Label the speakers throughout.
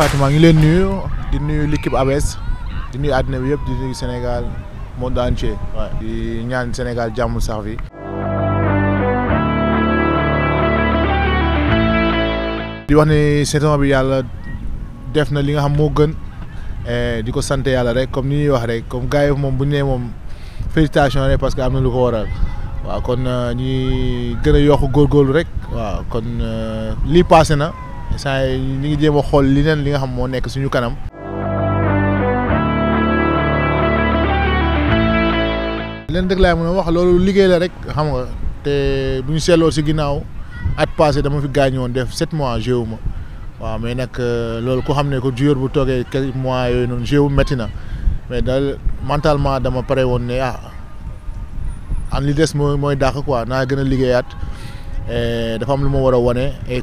Speaker 1: Fatima ñu leen nuyu di nuyu l'équipe ABS di nuyu àddina bi yëpp di nuyu Sénégal monde entier di ñaan Sénégal jàmm sax fi di wax ni saison bi yàlla def na li nga xam moo gën eh, di ko sant yàlla rek comme ni ñuy wax rek comme gars moom bu ñu nee moom félicitation rek parce que am na lu ko waral waaw kon euh, ñi gën a yokk góorgóorlu rek waaw kon euh, lii passé na saa yi ñu ngi jéem a xool li neen li nga xam moo nekk suñu kanam. leen dëgg laay mën a wax loolu liggéey la rek xam nga te bu ñu seetloo si ginnaaw at passé dama fi gaañu woon def sept mois jéewu ma waaw mais nag euh, loolu ku xam ne ko joueur bu toogee quelques mois yooyu noonu jéewu métti na mais dal mentalement dama pare woon ne ah am li des mooy mooy dàq quoi naa gën a liggéeyaat dafa am lu ma war a wane et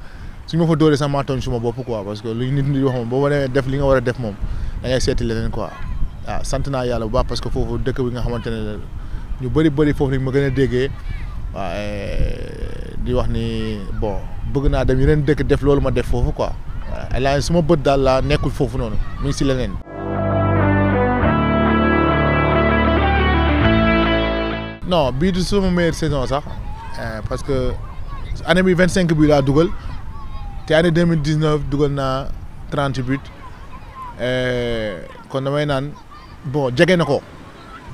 Speaker 1: suñ ma fa dóoree sax maa tooñ suma bopp quoi parce que li nit ñi wax moom boo ma def li nga war a def moom da seeti leneen quoi waaw ah, sant naa yàlla bu baax parce que foofu dëkk bi nga xamante ne ñu bëri bëri foofu lañ ma gën a déggee eh, di wax ni bon bëgg naa dem yeneen dëkk def loolu ma def foofu quoi waaw suma bët daal laa nekkul foofu noonu mu ngi si leneen. non bii du sama meilleure saison sax eh, parce que année bi vingt cinq bii laa dugal. te année deux mille dix dugal naa trente but eh, kon na may naan bon jege na ko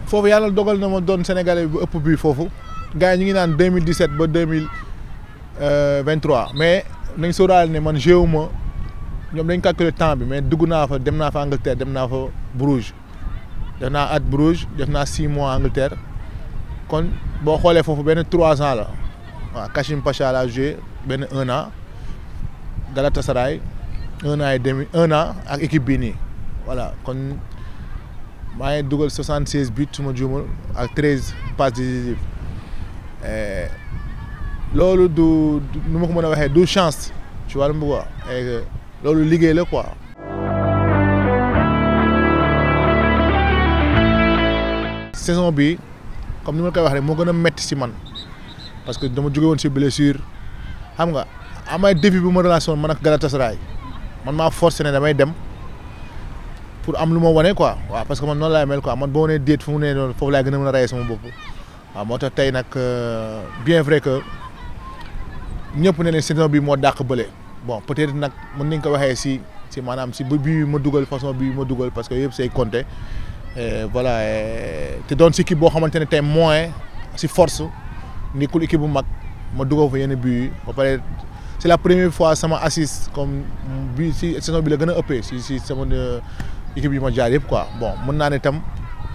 Speaker 1: foofu yàlla dogal na ma doon sénégalais bi bu ëpp bi foofu gars yi ñu ngi naan deux mille dix ba deux mille eh, vingt trois mais nañ sóoraale ne man géewu ma ñoom dañ calculer temps bi mais dugg naa fa dem naa fa Angleterre dem naa fa Bruges def naa at Bruges def naa six mois Angleterre kon boo xoolee foofu benn trois ans la waa Kachim Pacha laa benn un an. Galatasaray un an ak équipe bii nii voilà kon maa ngi dugal soixante seize buts su ma juumul ak treize passes décisives eh, loolu du nu ma ko mën a waxee du chance ci wàllum bëgg et loolu liggéey la quoi. saison bi comme ni ma koy wax moo gën a métti si man parce que dama jóge woon si blessure xam nga. amay début bi ma relation man ak Galatasaray man ma forcé ne damay dem pour am luma woné quoi wa parce que man non laay mel quoi man boo nee déet fu mu nee noonu foofu laay gën a sama bop wa motax tay nak euh, bien vrai que ñëpp né ne saison bi mo dakk beulé bon peut-être nak mën ningo waxé si si manam si bi ma duggal façon bi ma duggal parce que yépp c'est compté et voilà te donne ce qui bo xamante ne moins si force nekkul équipe bu mag ma duggal fa yenn bi yi ba pare. c'est la première fois sama assist comme bi si saison bi la gën a ëppee si si sama euh, équipe yi ma jaar yëpp quoi bon mën naa ne tam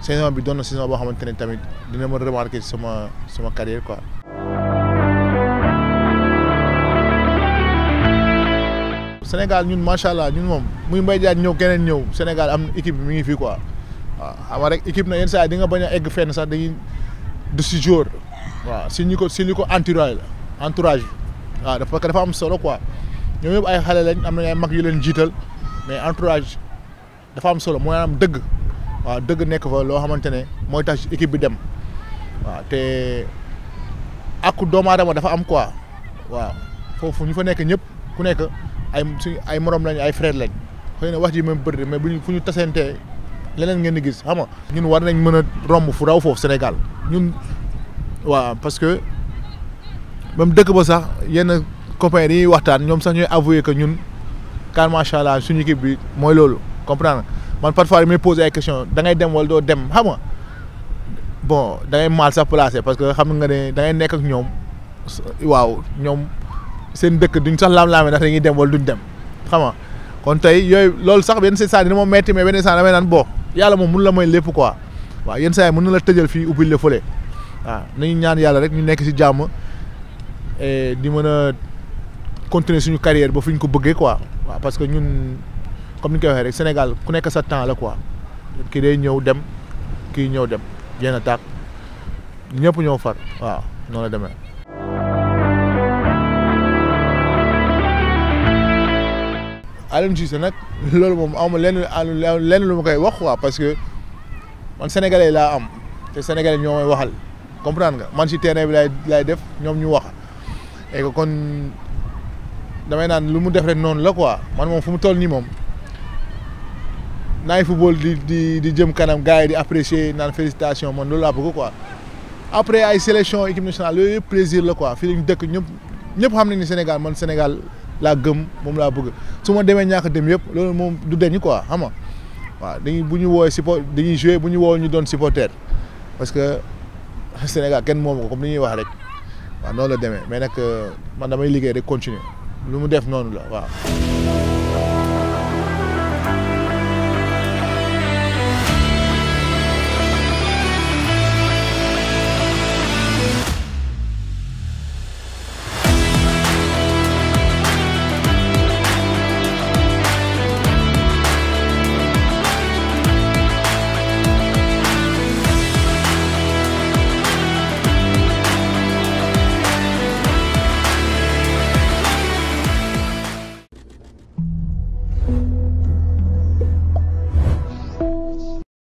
Speaker 1: saison bi doon na saison boo xamante ne tamit dina ma remarqué sama sama carrière quoi. Sénégal ñun macha allah ñun moom muy Mbaye jaar ñëw keneen ñëw Sénégal am équipe bi mi ngi fii quoi waaw xam nga rek équipe na yenn saa di nga bañ egg fenn sax dañuy du si jour waaw si ñu ko si ko entourage la waa dafa dafa am solo quoi ñoom ñëpp ay xale lañ am nañ ay mag yu leen jiital mais entourage dafa am solo mooy am dëgg waaw dëgg nekk fa loo xamante ne mooy tax équipe bi dem waaw te ak doomu aadama dafa am quoi waaw foofu ñu fa nekk ñëpp ku nekk ay suñu ay morom lañ ay frère lañ xëy na wax ji même bëri mais bu ñu fu ñu tasentee leneen ngeen di gis xam nga ñun war nañ mën a romb fu raw foofu Sénégal ñun waaw parce même dëkk ba sax yenn compagnie dañuy waxtaan ñoom sax ñooy avoué que ñun car macha allah suñu équipe bi mooy loolu comprendre man parfois damay poser a question da ngay dem wala doo dem xam bon da ngay mal sax que xam nga ne da ngay nekk ak ñoom waaw ñoom seen dëkk duñ sax laam-laame ndax dañuy dem wala duñ dem xam nga kon tey yooyu loolu sax benn saa dina ma metti mais benn saa damay naan boo yàlla moom mun la may lépp quoi waaw yenn saa yi mën na la tëjal fii ubbil la fële waaw nañu ñaan yàlla rek ñu nekk si jàmm. et continuer notre carrière pour nous. quoi parce que nous comme nous Sénégal ku nekk sa temps là quoi qui day ñëw dem qui ñëw dem bien attaque ñoo far la faire. quoi parce que sénégalais laa am sénégalais waxal comprendre nga man suis terrain bi def et que kon damay naan lu mu def rek noonu la quoi man moom fu mu toll nii moom naay football di di di jëm kanam gaay di apprécier naan félicitations man loolu la bëgg quoi. après ay sélection équipe nationale yooyu yëpp plaisir la quoi fi ñu dëkk ñëpp ñëpp xam nañ ni Sénégal man Sénégal la gëm moom la bëgg suma ma demee dem yëpp loolu moom du deñ quoi xam nga waaw dañuy bu ñu woowee support dañuy jouer bu ñu woowee ñu doon supporter parce que Sénégal kenn moomu ko comme ni ñuy wax rek. waaw noonu la demee mais nag euh, man damay liggéey rek continuer lu mu def noonu la waaw.